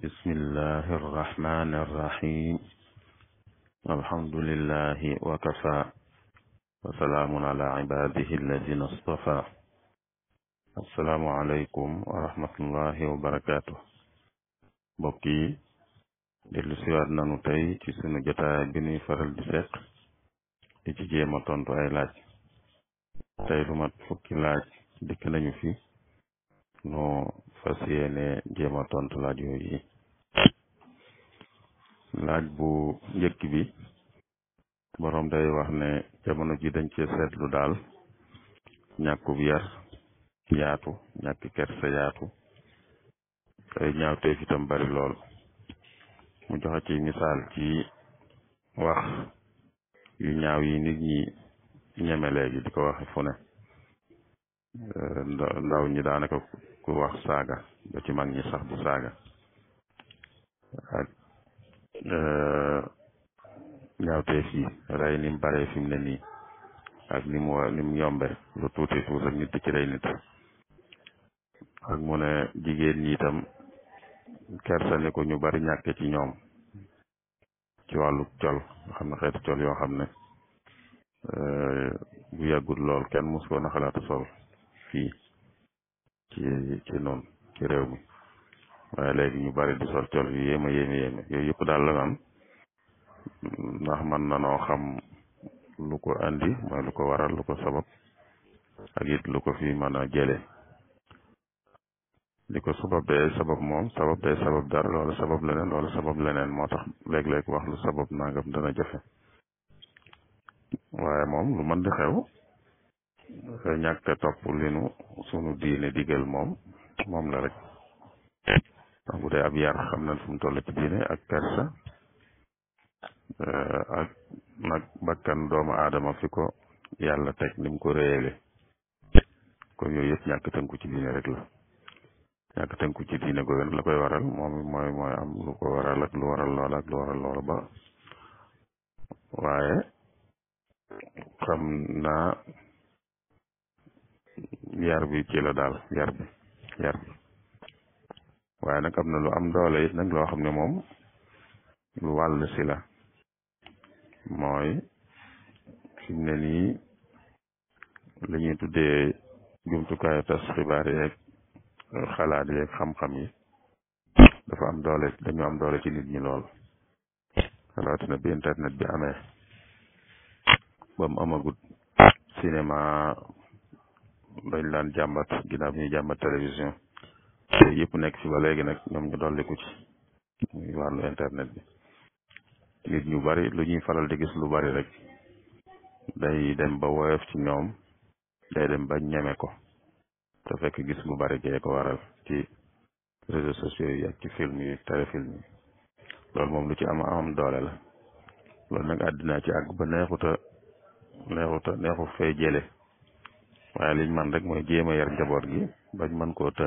bismillahi arrahmani arrahim alhamdulillahi wa kafa wa salaamun ala ibadihi alladina astafa assalaamu aleykum wa rahmatullahi wa barakatuh mbokk yi dellu siwaat nanu tey ci sunu jotaay bi nuy faral di seq di ci jéema tontu ay laaj tey lu mat fukki laaj dikk nañu fi noo fas yéene jéem a yi laaj bu njëkk bi borom day wax ne jamono ji dañ cee seetlu daal ñàkkub yar yaatu ñàkk kersa yaatu ay ñaawteef bari lool mu joxe ci misaal ci wax yu ñaaw yi nit ñi ñeme ko Euh, ndaw ñi daanaka ku wax saaga ba ci mag ñi sax du saaga ak euh, ñaawteef yi rey ni ne nii ak ni mu ni yombe lu tuuti tuuti ak nit di ci jigéen ñi itam kersa ni ko ñu bari ñàkk ci ñoom ci wàllu col xam ne xeetu col yoo xam ne euh, bu yàggut lool kenn mos na xalaatu sol fii ci ci noonu ci réew mi waaye léegi ñu bari di sol col yi yéema yéeme yéeme yooyu daal la naan ndax mën na noo xam lu ko andi mooy lu ko waral lu sabab ak it lu ko fi mën a jële li ko sabab day sabab moom sabab day sabab dara loolu sabab leneen loolu moo tax léeg-léeg wax lu sabab nangam dana jafe waaye moom lu mën xew ñàkk a topp li nu sunu diine digal moom moom la rek bu dee ab yar xam nañ fu mu toll ci diine ak kersa eh, ak nag bakkan doomu aadama fi ko yàlla teg ni mu ko réyele kon yooyu yëpp ñàkk tënku ci rek la ñàkk tënku ci diine googu nag la koy waral moom mooy mooy am lu ko waral lu waral loola ba waaye xam naa yar bi kii daal yar bi yar bi nag am na lu am doole it nag loo xam ne moom lu wàll si la mooy fi ne nii li ñuy tuddee jumtukaayu tas xibaar yeeg xalaat yeeg xam-xam yi dafa am doole dañu am doole ci nit ñi lool rawatina bi internet bi amee ba mu amagut cinéma dañ laan jàmbat ginnaaw bi ñuy jàmbat télévision te nekk ci ba léegi nag ñoom ñu dolliku ci muy wàllu internet bi nit ñu bari lu ñuy faral di gis lu bari rek day dem ba woyof ci ñoom day dem ba ñeme ko te fekk gis lu bari gee ko waral ci réseaux sociaux yi ak film yi téléfilm yi loolu moom lu ci am am doole la loolu nag àddina ci àgg ba neexuta neexuta neexu fee jële waaye liñ man rek mooy jéem a yar njaboot gi bañ man koo të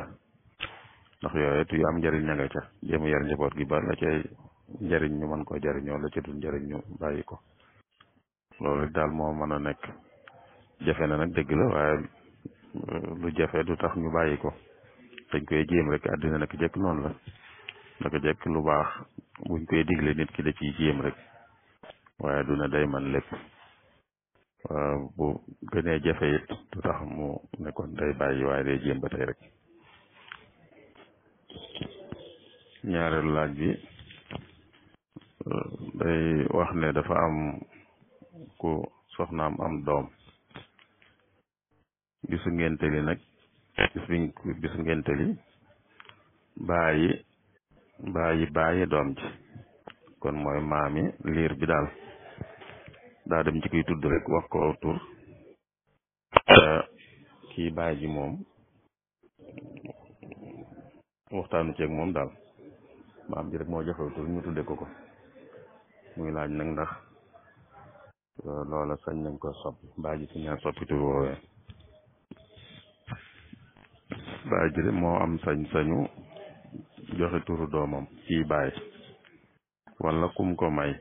ndax yooyu yu am njëriñ na nga ca jéem a yar njaboot gi ba la cay njëriñ ñu mën koo jëriñoo la ca dul njëriñ ñu bàyyi ko loolu daal moo mën a nekk jafe na nag dëgg la waaye euh, lu jafe du tax ñu bàyyi ko dañ koy jéem rek àddina naka jekk noonu la naka jekk lu baax buñ koy digle nit ki da ciy jéem rek waaye du na day man lépp Euh, bu gënee jafe it du tax mu ne kon day bàyyi waaye day jéem tey rek ñaareelu laaj bi euh, day wax ne dafa am ku soxnaam am doom bisu ngénte li nag bis biñ bisu ngénte li bàyyi bàyyi bàyyi doom ji kon mooy maami liir bi daal daa dem ci koy tudd rek wax ko tur kii baay ji moom waxtaanu ceeg moom daal maam ji rek moo joxew tur ñu tudde ko ko muy laaj nag ndax loola sañ nañ ko soppi baay ji sañ naa soppi tur woowee baay ji moo am sañ-sañu joxe turu doomam kii baay wala kum ko may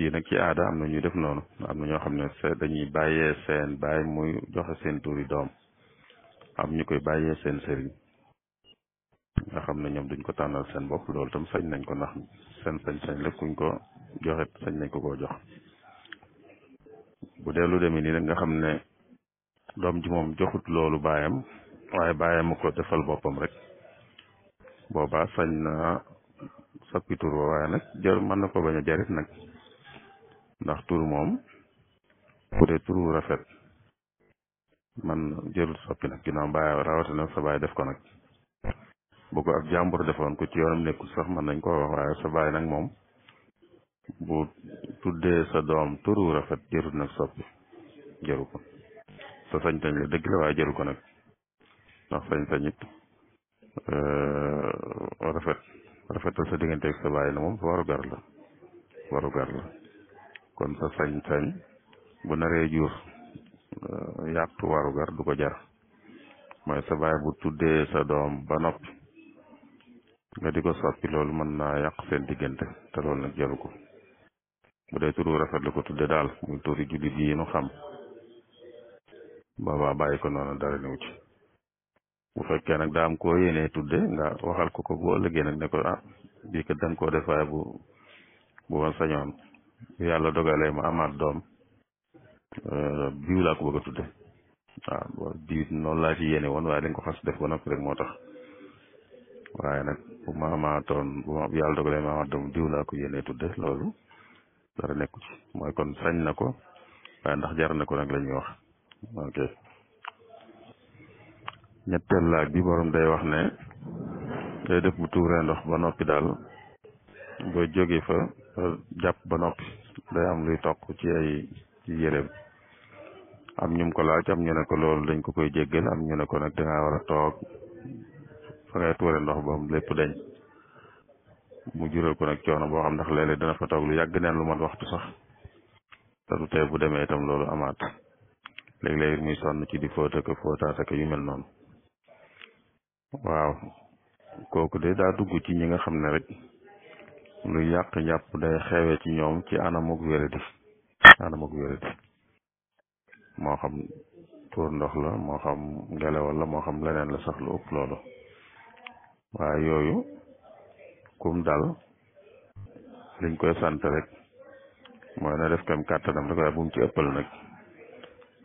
fii nag ci aada am na ñuy def noonu am na ñoo xam ne dañuy bàyyee seen bàyyi muy joxe seen tuuri doom am ñu koy bàyyee seen sëriñ nga xam ne ñoom duñ ko tànnal seen bopp loolu tam sañ nañ ko ndax seen sañ-sañ la kuñ ko joxe sañ nañ ko koo jox bu dee lu demee nii nag nga xam ne doom ji moom joxut loolu baayam waaye baayam ko defal boppam rek boobaa sañ na soppi tur waaye nag jar mën na ko bañ a jarit nag ndax tur moom bu dee turu rafet man jëlul soppi na ginnaaw bàyyi rawatina sa baay def ko nag bu ko ak jàmbur defoon ko ci yoonam nekkul sax mën nañ koo wax waaye sa baay nag moom bu tuddee sa doom turu rafet jërut nag soppi jëru ko sañ-sañ la dëgg la waaye ko nag ndax sañ-sañ it euh, rafet rafetal sa diggante ak sa baay na moom warugar la warugar la kon sa sañ-sañ bu naree jur euh, yàqtu warugar du ko jar mooy sa baay bu tudde sa doom ba noppi nga di ko soppi loolu mën naa yàq seen diggante te loolu nag jaru ko bu dee turu rafet ko tudde daal muy turi jullit yi nu xam boobaa bàyyi ko noonu dara néew ci bu fekkee nag daam koo yéenee tudde nga waxal ko ko bu ëllëgee nag ne ko ah bii kat da nga koo def waaye bu bu woon yàlla dogalee ma amaat doom biiw euh, laa ko bëgg a tudde waaw biiw noonu laa ci yéene woon waaye dañ ko fas def ba noppi rek moo tax waaye nag bu ma amaatoon bu ma yàlla dogalee ma amaat doom biiw laa ko yéene tudde loolu dara nekku ci kon sañ na ko waaye ndax jar na ko nag la ñuy wax ok ñetteel laaj bi borom day wax ne day def bu ndox ba noppi daal booy jóge fa jàpp ba noppi am luy toq ci ay ci yéreem am ñum ko laaj am ñu ne ko loolu dañ ko koy jéggal am ñu ne ko nag toog fa ngay tuure ndox ba lépp dañ mu jural ko nag coono boo xam ndax léeg-léeg dana fa toog lu yàgg neen lu mat waxtu sax te du bu demee itam loolu amaat léegi-léegi muy sonn ci di fóota ko fóotaat ak yu noonu waaw kooku de daa dugg ci ñi nga xam ne rek lu yàq njàpp day xewe ci ñoom ci anamuk wéradi anamuk wéradi moo xam tuur ndox la moo xam ngelawal moo xam leneen la sax lu ëpp loolu waaye yooyu kum dal liñ koy sant rek mooy na def kem kàttanam rek waaye bu ci ëppal nag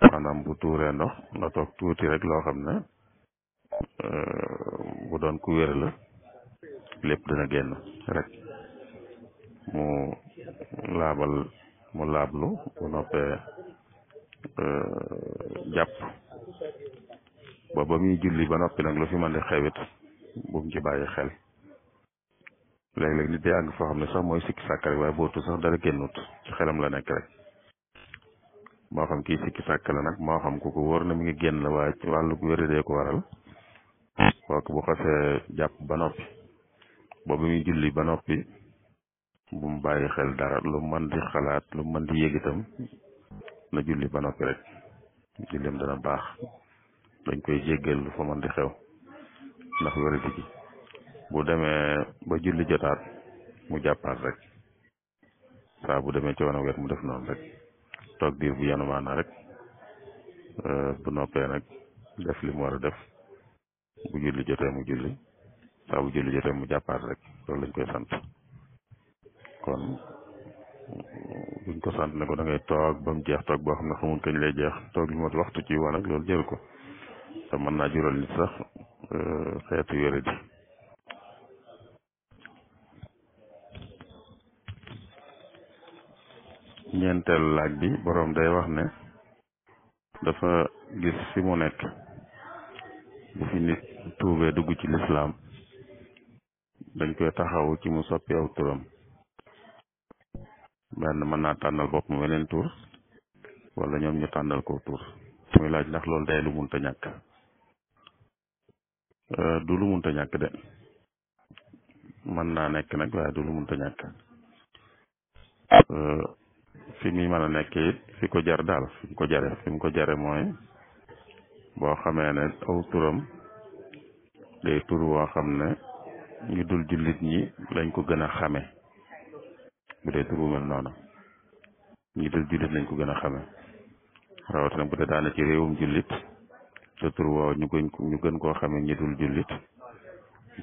maanaam bu tuuree ndox na toog tuuti rek loo xam ne euh, bu doon ku wér la lépp dina génn rek mu laabal mu laablu bu noppee euh, jàpp ba muy julli ba noppi nag lu fi mën di xewit bu mu ci bàyyi xel léeg-léeg nit day àgg foo xam ne sax mooy sikki sàkk rek waaye bootu sax dara génnut ci xelam la nekk rek moo xam kii sikki sàkk nag moo xam ku ko wor na mi ngi génn la waaye wàllu wéradee ko waral kooku bu xasee jàpp ba noppi ba ba muy julli ba noppi bu mu bàyyi xel dara lu mën di xalaat lu mën di yëg itam na julli ba noppi rek julleem dana baax dañ koy jéggal lu fa di xew ndax wéradi gi bu demee ba julli jotaat mu jàppaat rek saa bu demee ci wana wet mu def noonu rek toog diir bu yanu maana rek euh, bu noppee nag def li mu war a def bu julli jotee mu julli saa bu julli mu jàppaat rek loolu lañ koy sant kon buñ ko sant ne ko da ngay toog ba jeex toog boo xam ne xamul kañ lay jeex toog li mot waxtu ci woon ak loolu jël ko te mën naa jural nit sax euh, xeetu yore di ñeenteelu laaj bi boroom day wax ne dafa gis fi mu nekk bu fi nit tuubee dugg ci lislaam dañ koy taxawu ci mu soppi benn mën naa tànnal boppam weneen tur wala ñoom ñu tànnal ko tur muy laaj ndax loolu day lu munta ñàkk euh, du lu munta ñàkk de mën naa nekk nag waaye du lu munta ñàkk euh, fi muy mën a nekk it fi ko jar daal fi ko jare fi mu ko jare mooy boo xamee ne aw turam day tur woo xam ne ñu dul jullit ñi lañ ko gën a tuddee turu mel noonu ñi dul lañ ko gën a xame rawatina bu dee daana ci réewum jullit te tur ñu gën ñu koo xame ñi dul jullit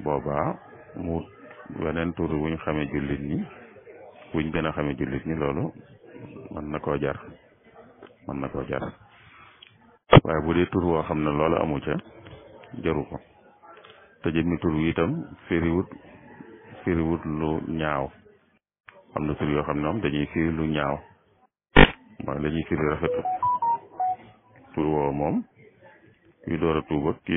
boobaa mu weneen tur wuñ xame jullit ñi wuñ a xame jullit ñi loolu mën na koo jar mën na koo jar waaye bu dee tur woo xam ne loolu amu ca jaru ko te jëmmi tur wi itam firiwut firiwut lu ñaaw am na tur yoo xam ne moom dañuy firi lu ñaaw mooy dañuy firi rafetul tur woowu moom kuy door a tuuba ki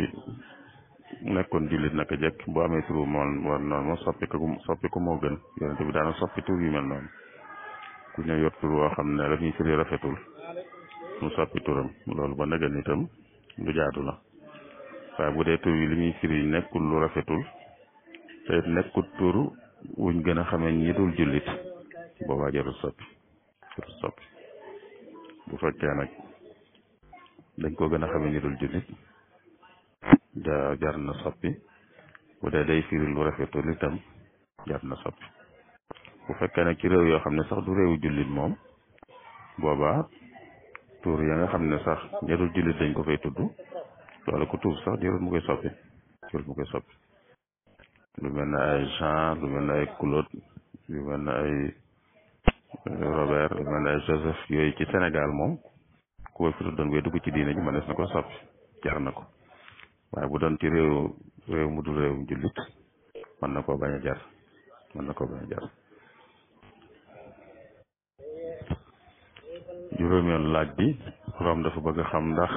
nekkoon jullit naka jekk bu amee tur moom war noonu moom soppi ko soppi ko moo gën yonente bi daana soppi tur yu mel noonu ku ñëw yor tur woo xam ne dañuy firi rafetul mu soppi turam loolu ba nëgën itam lu jaadu la waaye bu dee tur yi li ñuy nekkul lu rafetul te nekkul tur wuñ gën a xamee ñi dul jullit boobaa jarul soppi jarul soppi bu fekkee nag dañ ko gën a xamee ñi dul jullit jar na soppi bu dee day firi jar na soppi fekkee nag ci réew yoo xam ne sax du réewu jullit moom booba tuur ya nga xam ne sax ñi dul jullit dañ ko fay tudd loolu ku tuub sax jarul mu koy soppi mu koy soppi lu mel ne ay Jean lu mel ne ay Claude lu mel ne ay euh, Robert lu mel ay Joseph yooyu ci Sénégal moom ku koy futu doon bay dugg ci diine ji mënees na ko soppi jar na ko waaye bu doon ci réew réew mu du réew jullit mën na koo bañ a jar mën na koo laaj bi rom dafa bëgg xam ndax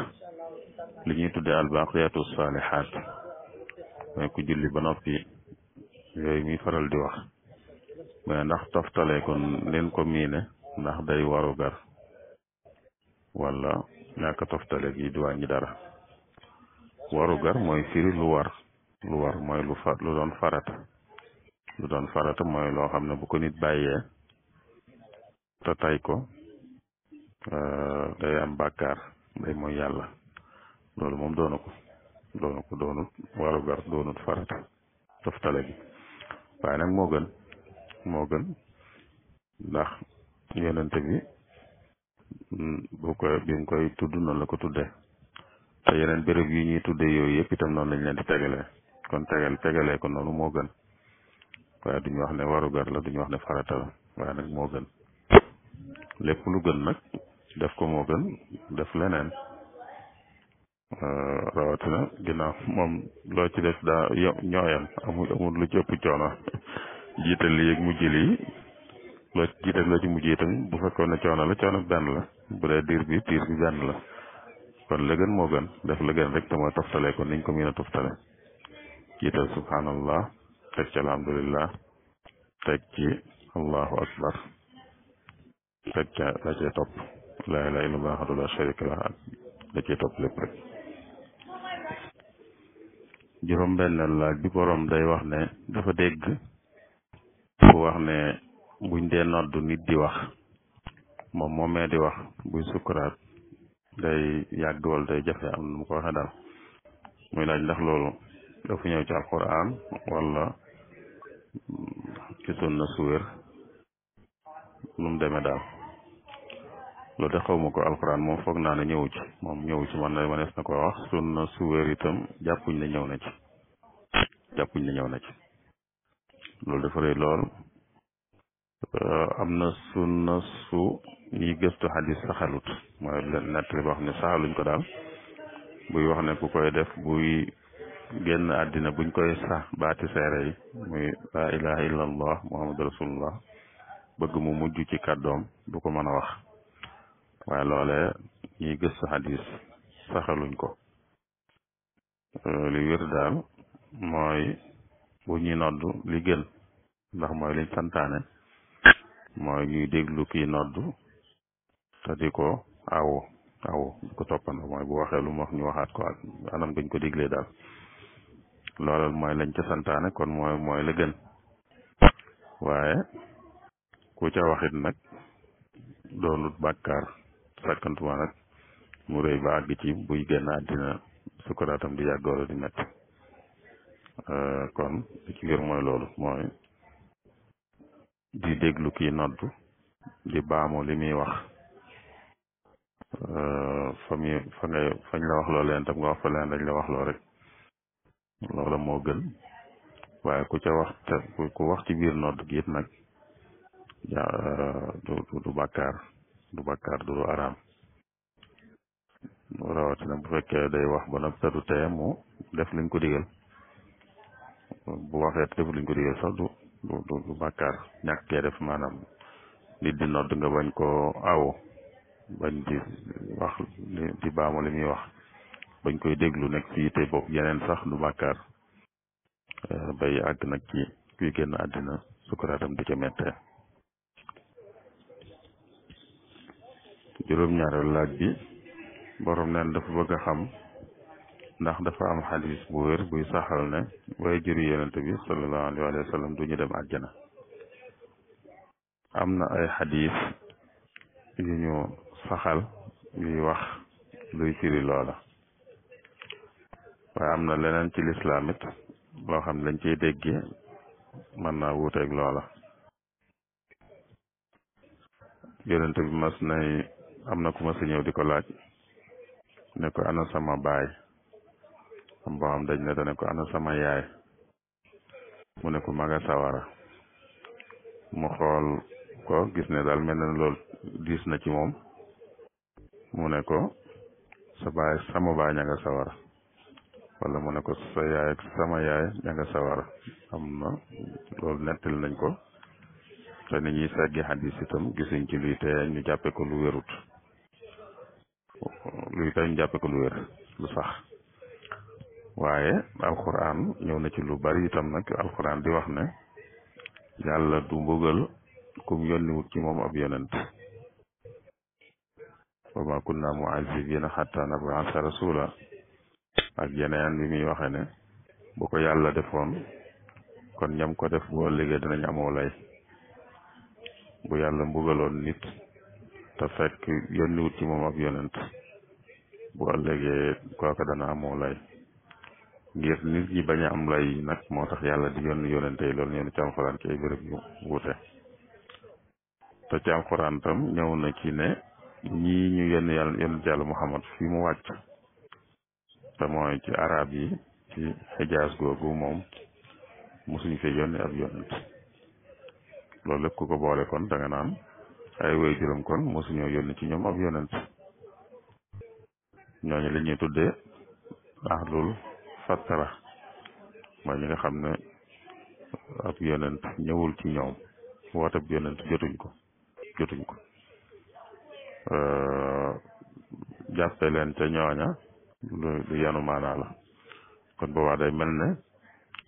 li ñuy tuddee albaqiyatu saalihaat mooy ku julli ba noppi yooyu muy faral di wax mu ne ndax toftale kon leen ko miine ndax day waru gar wala ñàkk toftale gi du wàññi dara waru gar mooy firi lu war lu war mooy lu fa lu doon farata lu doon farata mooy loo xam ne bu ko nit bàyyee tay ko euh, day am bàkkaar day mooy yàlla loolu moom doonu ko doonu ko doonut warugar doonut farata toftale gi waaye nag moo gën moo gën ndax yonente bi bu koy bi koy tudd noonu la ko tudde te yeneen béréb yi ñuy tuddee yooyu yëpp itam noonu lañ leen di tegalee kon tegal tegalee kon noonu moo gën waaye duñu wax ne warugar la duñu wax ne farata la waaye nag moo gën lépp lu gën nag def ko moo gën def leneen Euh, rawatina ginnaaw moom loo ci def daa yo ñooyam amul amul lu ci ëpp coono jiital li ak mujj lii loo ci jiital loo ci bu fekkoon ne coono la coono benn la bu dee diir bi diir bi benn la kon la gën moo gën def la gën rek te mooy toftale kon niñ ko mën a toftale jiital subhanallah teg ci alhamdulillah teg ci allahu akbar teg ca la cay topp laa ilaaha illallaah wahdahu laa shariika lah da cay topp rek juróom-benneel laaj bi ko day wax ne dafa dégg fu wax ne de dee noddu nit di wax moom moomee di wax buy sukkuraat day yàgg wala day jafe am nu mu ko waxee daal muy laaj ndax loolu dafa ñëw ci alquran wala ci sunna su wér nu daal loolu de xaw ma ko alxuraan moom foog naa ne ñëwu ci moom ñëwu ci man la manees ko su wér itam jàppuñ ne ñëw na ci jàppuñ ne ñëw na loolu dafa lool am na sunna su ñuy gëstu xadis saxalut mooy nettali boo xam ne saxaluñ ko daal buy wax ne ku koy def buy génn àddina buñ koy sax baati seere yi muy laa ilaha illa allah muhammadu rasulullah bëgg mu mujj ci kàddoom bu ko mën a wax waaye loolee ñiy gëstu xadis saxaluñ ko euh, li wér daal mooy bu ñuy li gën ndax mooy liñ santaane mooy ñuy déglu kii nodd te di ko awo awo di ko toppandoo mooy bu waxee wax ñu waxaat ko ak anam gañ ko déglee daal loolal mooy lañ ca santaane kon mooy mooy la gën waaye ku ca waxit nag doonut sàkkantumaa nag mu rëy ba àgg ci buy génn àddina sukkaraatam di yàggooro di métti euh, kon li ci wér mooy loolu mooy di déglu kii noddu di baamu li muy wax euh, fa muy fa fañ la wax loo leen tam nga wax fa leen dañ la wax loo rek loola moo gën waaye ku ca wax ku wax ci biir nodd gi it nag euh, du du bàkkaar du bàkkaar du lu araam bu fekkee day wax ba noppi du tee mu def liñ ko digal bu waxe te def liñ ko digal sax du du du bàkkaar def maanaam nit di nodd nga bañ koo awu bañ di wax di wax bañ koy déglu nekk ci yitte bopp yeneen sax du bàkkaar eh, bay àgg nag ci kuy génn àddina sukkuraatam di ca mettee juróom ñaar laaj bi borom neen dafa bëgg a xam ndax dafa am xadis bu wér buy saxal ne way jëru yonent bi sallallahu alayhi wa du ñu dem àjjana am na ay xadis yu ñu saxal yuy wax luy firi loola waaye am na leneen ci lislaam it loo xam ne lañ ciy déggee mën naa wuuteeg loola yonent bi mas nay am na ku ma si ñëw di ko laaj ne ko ana sama baay am boo xam dañ ne dane ko ana sama yaay mu ne ko maga sawara mu xool ko gis ne daal mel na loolu diis na ci moom mu ne ko sa baay sama baay ña nga sawara wala mu ne ko sa yaay ak sama yaay ña nga sawara am na loolu nettal nañ ko te nit ñuy seggi xadis itam gisuñ ci luy te ñu jàppe ko lu wérut luy tax ko lu wér sax waaye alquran ñëw na ci lu bari na nag alquran di wax ne yàlla du mbugal kum yónniwut ci moom ab yonent wa ma kunna muazibina xatta nabasa rasula ak yeneen bi muy waxe ne bu ko yàlla defoon kon ñam ko def bu ëllëgee dinañ amoo lay bu yàlla mbugaloon te fekk yónniwut ci moom ak yonent bu ëllëgee kooka dana amoo lay ngir nit ñi bañ am lay nag moo tax yàlla di yónni yonente yi loolu ñëw na ci alxuraan tam ñëw na ci ne ñii ñu yónni yàlla yónent yàlla Muhammad fi mu wàcc te mooy ci arab yi ci xijaas googu moom mosuñ fi yónni ab yonent loolu lépp ku ko boole kon da nga naan ay waajuram kon mosuñoo yónni ci ñoom ab yonent ñooñu li ñuy tuddee ahlul fattara mooy ñi nga xam ne ab yonent ñëwul ci ñoom wootab yonent jotuñ ko jotuñ ko jàppe leen ca ñooña lu yanu la kon boobaa day mel ne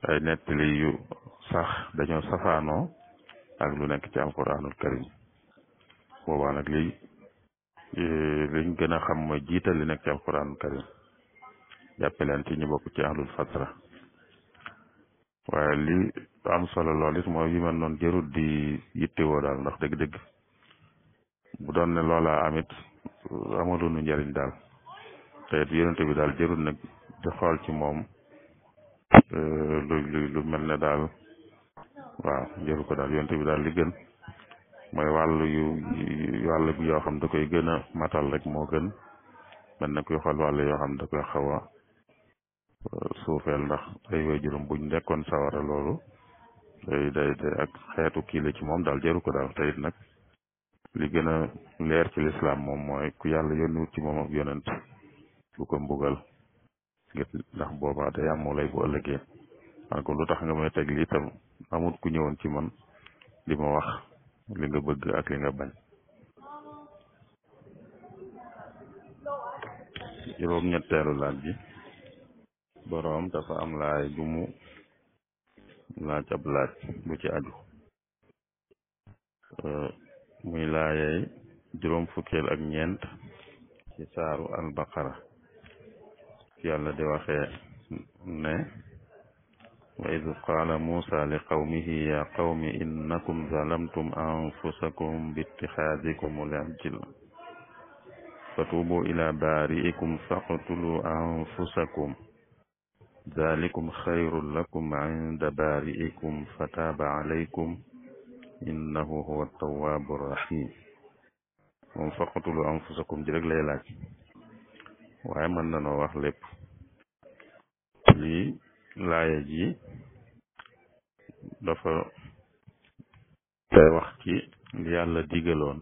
ay nettali yu sax dañoo safaanoo ak lu nekk ci alquranul karim boobaa nag liy eh, liñ gën a xam mooy jiital li nekk ci alquran karim jàppe leen ci ñu bokk ci ahlul waaye li am solo lool it mooy yu mel noonu jërut di yittewoo daal ndax dëgg-dëgg bu doon ne loolaa amit amaloonu njariñ daal te it yonente daal jërut nag di xool ci moom eh, lu lu daal waaw jëru ko daal yonente bi daal li mooy wàllu yu wàll bi yoo xam da koy gën a matal rek moo gën mel na kuy xool wàll yoo xam da koy xaw a euh, suufeel ndax ay waajuram buñ nekkoon sawara xeetu kii la ci moom daal jëru ko daal teyit nag li gën a leer ci lislaam moom mooy ku yàlla yónniwut ci moom ak yonent ko mbugal ngir ndax boobaa day am lay bu ëllëgee man ko lu tax nga may teg lii tam amut ku ñëwoon ci man di ma wax li nga bëgg ak li nga bañ juróom ñetteelu laaj bi boroom dafa am laay bu mu laaj ab laaj bu ci aju muy laayay juróom fukkeel ak ñeent ci saaru albaqara yàlla di waxee ne وإذ قال موسى لقومه يا قوم إنكم ظلمتم أنفسكم باتخاذكم العجل فتوبوا إلى بارئكم فاقتلوا أنفسكم ذلكم خير لكم عند بارئكم فتاب عليكم إنه هو التواب الرحيم فاقتلوا أنفسكم anfusakum ليلاتي وعمل lay laaj laaya ji dafa te wax ci li digaloon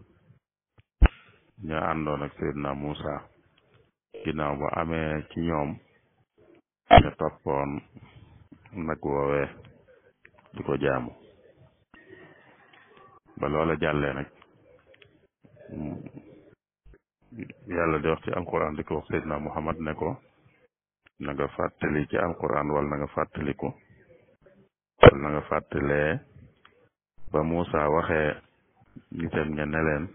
ña àndoon ak Seydina Muusa ginnaaw ba amee ci ñoom ñu toppoon nag woowee di ko jaamu ba loola jàllee nag yàlla di wax ci alquran di ko wax Seydina Muhammad ne ko na nga fàttali ci alquran wala na nga fàttaliku wala na nga le ba Moussa waxee nitam ña ne leen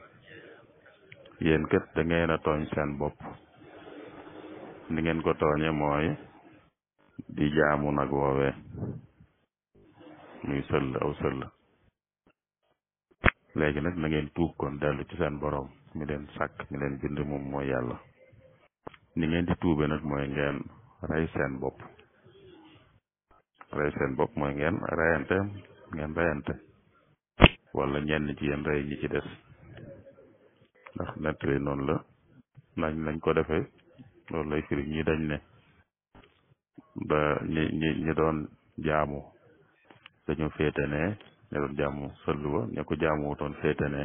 yéen kët da a tooñ seen bopp ni ngeen ko tooñe mooy di jaamu nag woowee muy sëll aw sëll léegi nag na ngeen tuub kon dellu ci seen boroom mi leen sàkk mi leen bind moom mooy yàlla ni ngeen di tuube nag mooy rey seen bopp rey seen bopp mooy ngeen reyante ngeen reyante wala ñenn ci yéen rey ñi ci des ndax nettali noonu la nañ lañ ko defee loolu lay firi ñi dañ ne ba ñi ñi ñi doon jaamu dañu féete ne ña doon jaamu sëllu ba ko jaamu doon féete ne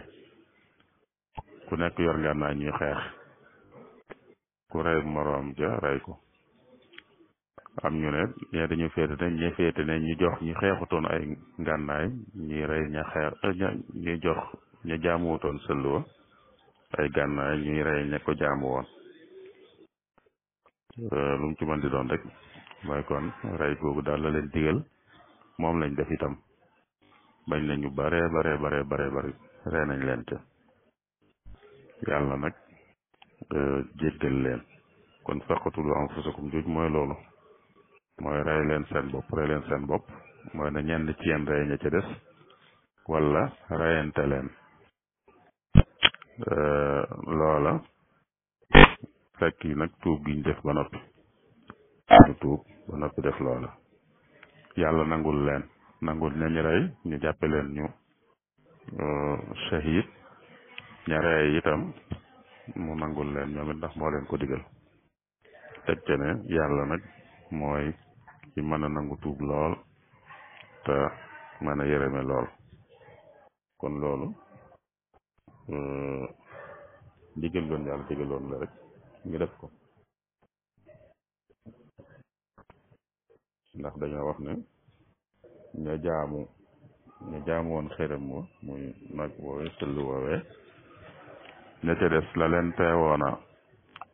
ku nekk yor nga naa ñuy xeex ku rey moroom ja rey ko am ñu ne ñee dañu féete ne ñi féete ne ñu jox ñi xeexutoon ay ngànnaay ñi rey ña xeex eh, ñi jox ña jaamuwutoon sëlluwa ay gànnaay ñuy rey ña ko jaamu woon eh, lu mu ci mën di doon rek mooy kon rey googu daal la leen digal moom lañ def itam bañ nañu bare bare bare bare bare rey nañ leen te yàlla nag eh, jéggal leen kon faqatulu anfusakum jooju mooy loolu mooy rey leen seen bopp rey leen seen bopp mooy na ñenn ci yéen rey ña ca des wala reyante leen euh, loola fekk yi nag tuub giñ def ba noppi ñu ba noppi def loola yàlla nangul leen nangul ñañu rey ñu jàppe leen ñu euh, shahid ña rey itam mu nangul leen ñoom ndax moo leen ko digal teg ne yàlla nag mooy ci mën nangu tuub lool te mën a lool kon loolu euh, ndigal loon yàlla digaloon la rek ñu def ko ndax dañoo wax ne ña jaamu ña jaamu woon xërëm wa muy nag woowee sëll woowee ña des la leen teewoon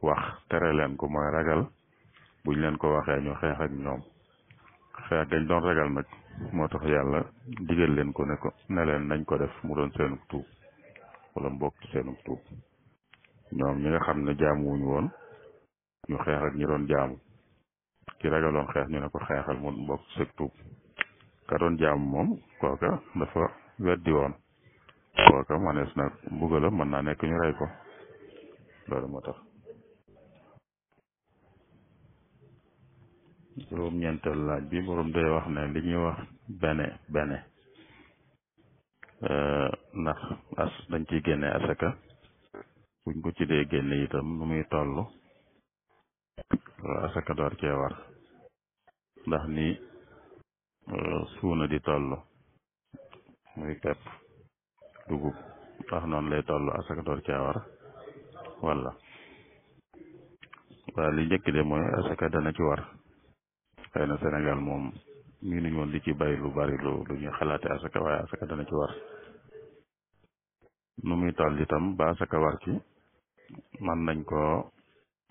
wax tere leen ko mooy ragal buñ leen ko waxee ñu xeex ak ñoom xeex gañ doon ragal nag moo tax yàlla digal leen ko ne ko ne leen nañ ko def mu doon seenug tuub wala mbokk seenug tuub ñoom ñi nga xam ne jaamuwuñu woon ñu xeex ak ñi doon jaamu ki ragaloon xeex ñu ne ko xeexal mu mbokk sëg tuub ka doon jaamu moom kooka dafa weddi woon kooka manees na mbugalam mën naa nekk ñu rey ko moo tax juróom-ñeenteel laaj bi boroom day wax na li ñuy wax bene bene euh, ndax dañ ciy génne asaka buñ ko ci dee génne itam nu muy tollu asaka door cee war ndax ni euh, suuna di toll muy pepp dugub ndax noon lay toll asaka door cee war wala waaw li njëkk de mooy asaka dana ci war xëy na Sénégal moom mii nuñ woon di ci bay lu bari lu lu ñuy xalaate asaka waaye asaka dana ci war nu muy toll itam ba asaka war ci man nañ ko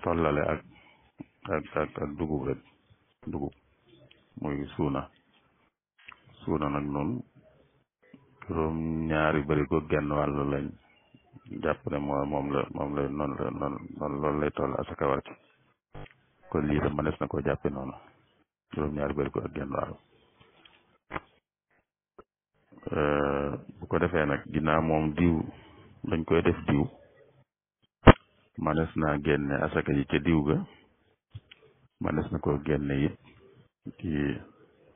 tollale ak ak ak dugub rek dugub muy suuna suuna nag noonu juróom ñaari bari ko genn wàll lañ jàpp ne moo moom la moom la noonu la noonu loolu lay toll asaka war ci kon lii ma mënees na koo jàppe noonu juróom-ñaari bërigo ak genn wàll eh, bu ko defee nag ginnaaw moom diw dañ koy def diw manes naa génne asaka ji ca diw ga manes na ko génne it ci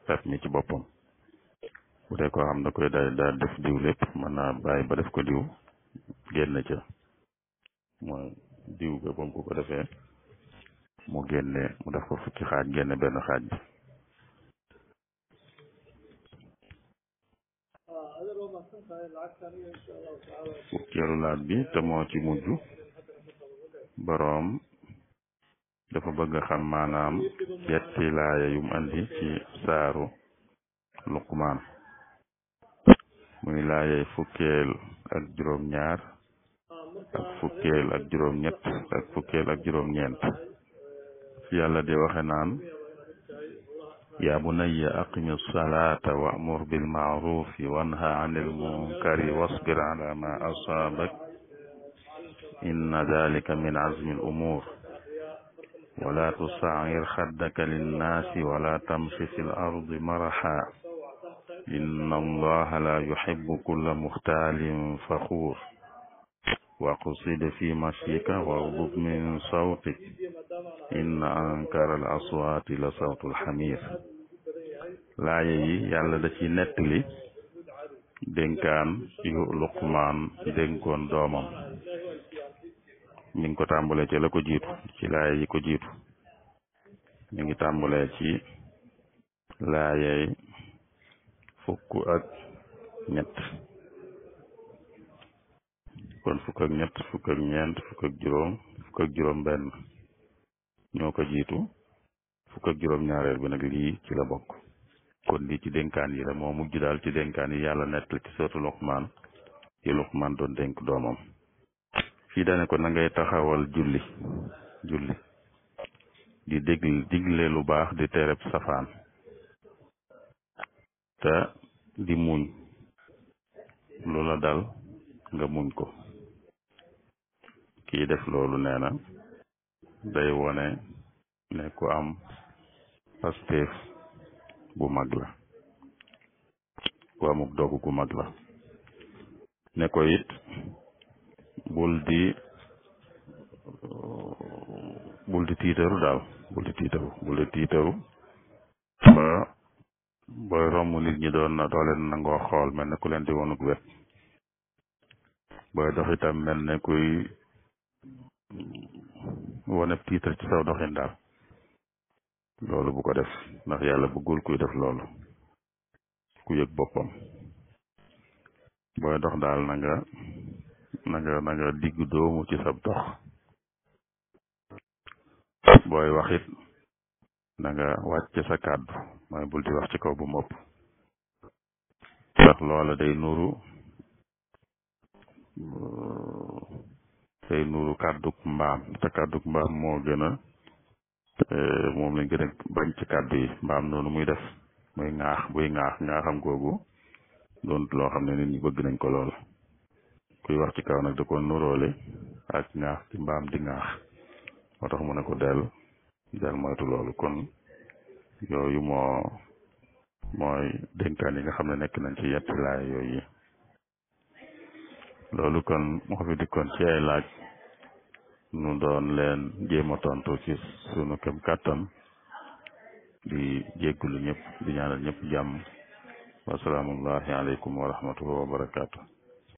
pep mi ci boppam bu dee koo xam na koy daal daal def diw lépp mën naa bàyyi ba def ko diw génne ca mooy diw ga ba mu ko defee mu génne mu def ko fukki xaaj génne benn xaaj bi fukkeelu laaj bi te moo ci mujj boroom dafa bëgg xam maanaam yetti laaya yum andi ci saaru lukman muy laayay fukkeel ak juróom ñaar ak fukkeel ak juróom ñett ak fukkeel yàlla di waxe naan يا بني أقم الصلاة وأمر بالمعروف وانهى عن المنكر واصبر على ما أصابك إن ذلك من عزم الأمور ولا تصعر خدك للناس ولا تمش في الأرض مرحا إن الله لا يحب كل مختال فخور وقصد في مشيك واغضب من صوتك inna ankara al aswaati la sawtul xamiir yàlla da ci nettali dénkaan yu luqmaan dénkoon doomam mi ngi ko tàmbalee ci la ko jiitu ci yi ko jiitu mi ngi tàmbalee ci laayey fukk ak ñett kon fukk ak ñett fukk ak ñeent fukk ak juróom fukk ñoo ko jiitu fukk ak juróom-ñaareel bi nag lii ci la bokk kon lii ci dénkaan yi la moo mujj daal ci dénkaan yi yàlla nettali ci sootu Luqmaan yi Luqmaan doon dénk doomam fii dane ko na ngay taxawal julli julli di dégl digle lu baax di tereb safaan te di muñ lu la dal nga muñ ko kii def loolu nee day wone ne ku am pasteef bu mag la ku amuk dogg gu mag la ne ko it bul di bul di tiitaru daal bul di tiitaru bul di tiitaru ba ba romb nit ñi doon na dooleen nangoo xool mel ne ku leen di wonug wet booy doxitam mel ne kuy wane titre ci saw doxin daal loolu bu ko def ndax yàlla bëggul kuy def loolu ku yëg boppam booy dox daal na nga na nga na doomu ci sab dox booy waxit na nga wàcce sa kàddu bul di wax ci kaw bu mopp ndax loola day nuru tey nuru kàddug mbaam te kàddug mbaam moo gën eh, moom lañ gën a bañ ci kàddu yi mbaam noonu muy def muy ŋaax buy ŋaax ŋaaxam googu doon loo xam ne nit ñi bëgg nañ ko lool kuy wax ci kaw nag da ko nuróole ak ŋaax ci mbaam di ŋaax moo tax mu ne ko del del moytu loolu kon yooyu moo mooy dénkaan yi nga xam ne nekk nañ ci yetti laay yooyu loolu kon moo fi dikkoon ci ay laaj nu doon leen jéem a tontu ci sunu kem kàttan di jéggulu ñëpp di ñaanal ñëpp jàmm wasalaamullahi aleykum wa rahmatullahi wa barakaatu